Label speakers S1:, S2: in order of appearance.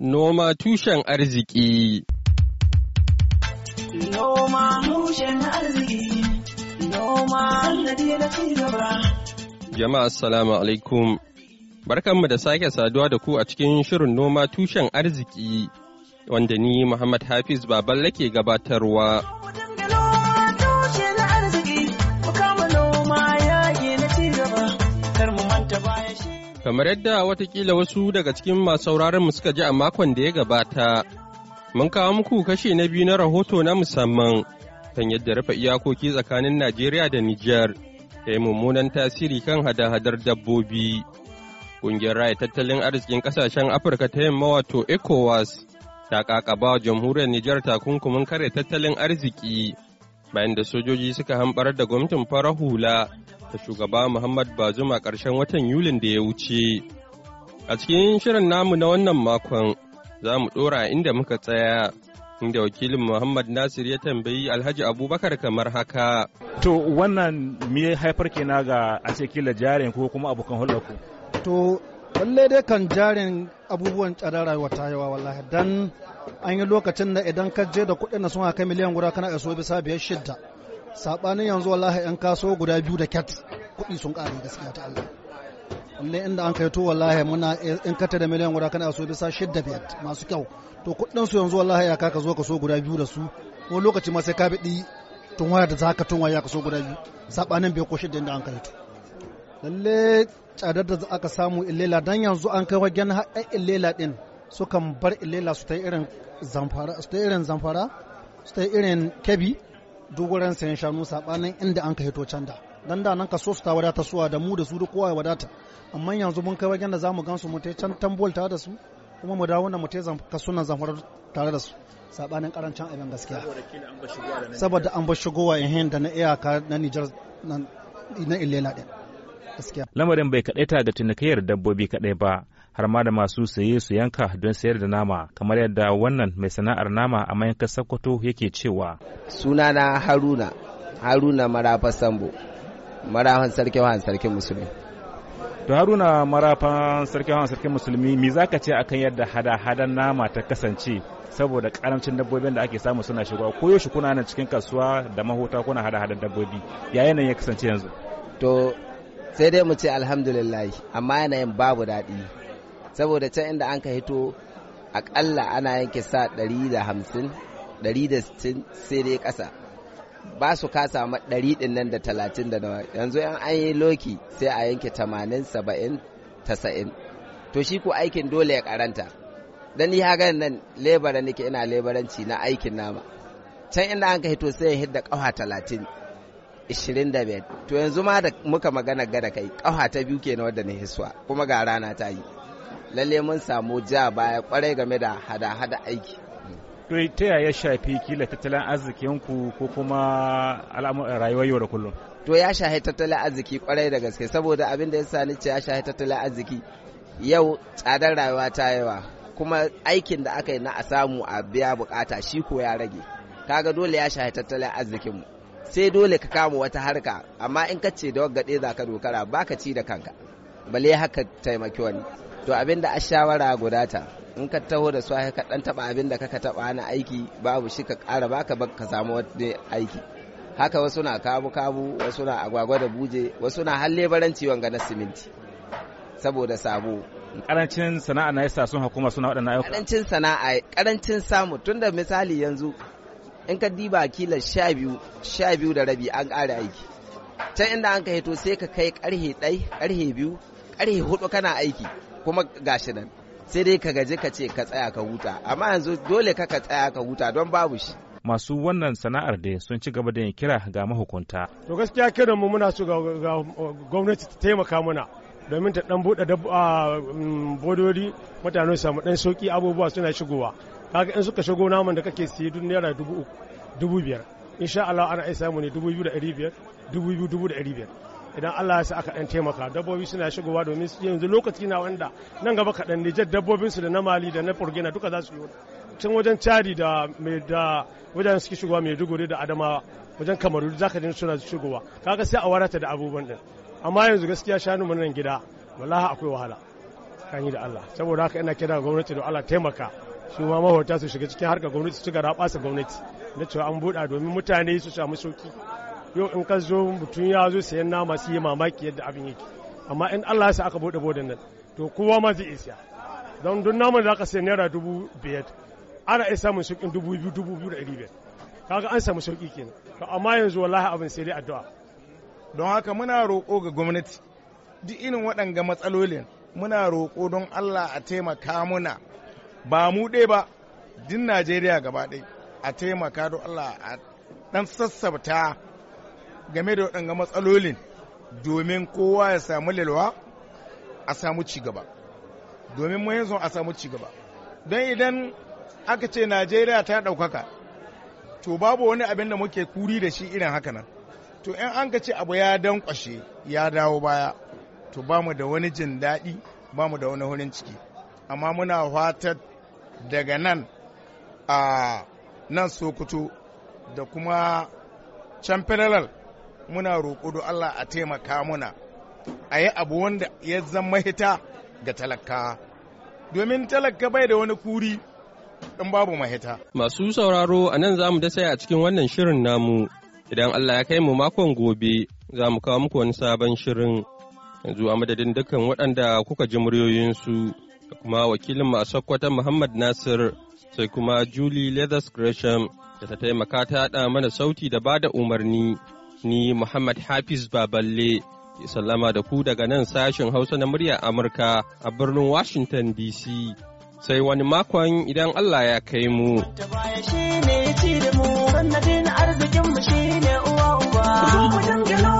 S1: Noma tushen arziki. Jama'a assalamu alaikum. Barkanmu da sake saduwa da ku a cikin shirin noma tushen arziki wanda ni Muhammad Hafiz Baballe ke gabatarwa. Kamar yadda watakila wasu daga cikin masu sauraron mu suka ji a makon da ya gabata, mun kawo muku kashe na biyu na rahoto na musamman kan yadda rufe iyakoki tsakanin Najeriya da Nijar ta yi mummunan tasiri kan hada-hadar dabbobi. Ƙungiyar raya tattalin arzikin ƙasashen Afirka ta yamma wato ECOWAS ta ƙaƙaba jamhuriyar Nijar takunkumin kare tattalin arziki bayan da sojoji suka hambar da gwamnatin farar hula da shugaba Muhammad ba a ƙarshen watan Yulin da ya wuce. A cikin shirin namu na wannan makon za mu ɗora inda muka tsaya inda wakilin Muhammad Nasir ya tambayi Alhaji Abubakar kamar haka.
S2: To wannan me haifar na ga a kila jarin ko kuma abokan ku?
S3: To lalle dai kan jarin abubuwan tsadar rayuwa ta yawa wallahi dan an yi lokacin da idan ka je da kuɗin da sun haka miliyan guda kana iso bisa biyar shidda. sabanin yanzu wallahi yan kaso guda biyu da cat kuɗi sun ƙare gaskiya ta Allah lalle inda an kai to wallahi muna in kata da miliyan guda kana so bisa shidda biyar masu kyau to kuɗin su yanzu wallahi ya kaka zo ka so guda biyu da su ko lokaci ma sai ka biɗi tun waya da za ka tun waya ka so guda biyu sabanin bai ko shidda inda an kai to lalle tsadar da aka samu illela dan yanzu an kai wajen haɗa illela din sukan bar illela su ta irin zamfara su ta irin zamfara su ta irin kebi dogoren sayan shanu sabanin inda an ka hito can da dan da nan kaso su ta wadata suwa da mu da su duk kowa wadata amma yanzu mun kai wajen da zamu gansu mu ta can tambol tare da su kuma mu dawo nan mu ta kasunan zamfara tare da su sabanin karancin abin gaskiya saboda an bar shigowa in da na iyaka na Nijar na Ilela din gaskiya
S2: lamarin bai kadaita ga tunakayar dabbobi kadai ba har ma da masu saye su yanka don sayar da nama kamar yadda wannan mai sana'ar nama a mayankar Sokoto yake cewa
S4: sunana Haruna Haruna Marafa Sambo Marafan sarkin wahan sarkin musulmi to Haruna
S2: Marafan sarkin wahan sarkin musulmi me zaka ce akan yadda hada-hadan nama ta kasance saboda karamcin dabbobin da ake samu suna shigowa ko yaushe kuna nan cikin
S4: kasuwa da mahota kuna hada-hadan dabbobi yayin nan ya kasance yanzu to sai dai mu ce alhamdulillah amma yanayin babu daɗi saboda can inda an ka hito akalla ana yanke sa 150 160 sai dai kasa ba su kasa ma 100 din nan da 30 da nawa yanzu yan an yi loki sai a yanke 80 70 90 to shi ku aikin dole ya karanta dan ni hagan nan lebara nake ina lebaranci na aikin nama can inda an ka hito sai ya hidda ƙafa 30 ishirin da biyar to yanzu ma da muka magana gada kai ƙafa ta biyu kenan wadda na hiswa kuma ga rana ta yi lalle mun samu ja baya kwarai game da hada-hada aiki
S2: to ta yaya ya shafi kila tattalin arzikinku
S4: ko kuma al'amuran rayuwar yau da kullum to ya shafi tattalin arziki kwarai da gaske saboda abin da ya sani ce ya shafi tattalin arziki yau tsadar rayuwa ta yawa kuma aikin da aka yi na a samu a biya bukata shi ko ya rage kaga dole ya shafi tattalin arzikinmu sai dole ka kama wata harka amma in ka ce da wagaɗe za ka dokara ba ka ci da kanka bale haka taimaki wani to abin da a shawara gudata in ka taho da su ka dan taba abin da kaka taba na aiki babu shi ka ƙara baka ba ka samu wani aiki haka wasu na kabu kabu wasu na agwagwa da buje wasu na halle baranci wanga na siminti saboda sabo
S2: karancin sana'a na yasa sun hukuma suna waɗannan ayyuka
S4: karancin sana'a karancin samu tunda misali yanzu in ka diba kila sha biyu sha biyu da rabi an ƙara aiki can inda an ka hito sai ka kai ƙarhe ɗai ƙarhe biyu ƙarhe hudu kana aiki kuma gashi nan sai dai ka gaji ka ce ka tsaya ka huta amma yanzu dole ka ka tsaya ka huta don babu shi
S2: masu wannan sana'ar da sun ci gaba da yin kira ga mahukunta
S5: to gaskiya kiran mu muna so ga gwamnati ta taimaka mana domin ta dan bude mm, bodori mutane su samu dan sauki abubuwa suna shigowa kaga in suka shigo naman da kake siye duk naira dubu biyar insha Allah ana iya samu ne dubu biyu da ɗari biyar dubu biyu dubu da ɗari biyar idan Allah ya sa aka ɗan taimaka dabbobi suna shigowa domin yanzu lokaci na wanda nan gaba kaɗan Nijar dabbobin su da na Mali da na Burkina duka za su yi tun wajen cari da da wajen suke shigowa dugure da Adamawa wajen Kamaru za ka suna shigowa kaga sai a warata da abubuwan din amma yanzu gaskiya shanu mu nan gida wallahi akwai wahala kan yi da Allah saboda haka ina kira gwamnati da Allah taimaka su ma mahauta su shiga cikin harkar gwamnati su ci gara gwamnati na cewa an buɗa domin mutane su samu sauki yau in ka zo mutum ya zo sayan nama su yi mamaki yadda abin yake amma in Allah ya sa aka bude bude nan to kowa ma zai iya don duk naman da aka sayi naira dubu biyar ana iya samun sauƙin dubu biyu dubu biyu da ɗari biyar kaga an samu sauƙi kenan to amma yanzu wallahi abin sai dai addu'a don haka muna roƙo ga gwamnati
S6: duk irin waɗanga matsalolin muna roƙo don Allah a taimaka muna ba mu ɗaya ba din Najeriya gaba ɗaya a taimaka don Allah a ɗan sassabta game da waɗanga matsalolin domin kowa ya samu lalwa a samu cigaba domin mu yanzu a samu cigaba don idan aka ce najeriya ta ɗaukaka to babu wani abin da muke kuri da shi irin haka nan to in an ka ce abu ya kwashe ya dawo baya to ba mu da wani jin daɗi ba mu da wani hurin ciki amma muna fatar daga nan a nan sokoto da kuma can federal muna roƙo do Allah a taimaka muna a yi abu wanda ya zama hita ga talaka domin talaka bai da wani kuri in babu mahita.
S1: Masu sauraro a nan za mu dasa a cikin wannan shirin namu idan Allah ya kai mu makon gobe za mu kawo muku wani sabon shirin yanzu a madadin dukkan waɗanda kuka ji muryoyinsu da kuma wakilin masu kwata Muhammad Nasir sai kuma Julie Leathers Gresham da ta taimaka ta haɗa mana sauti da bada umarni. ni Muhammad Hafiz Baballe ke sallama da ku daga nan sashen Hausa na murya Amurka a birnin Washington DC. Sai wani makon idan Allah ya kai mu.
S4: arzikin mu shine uwa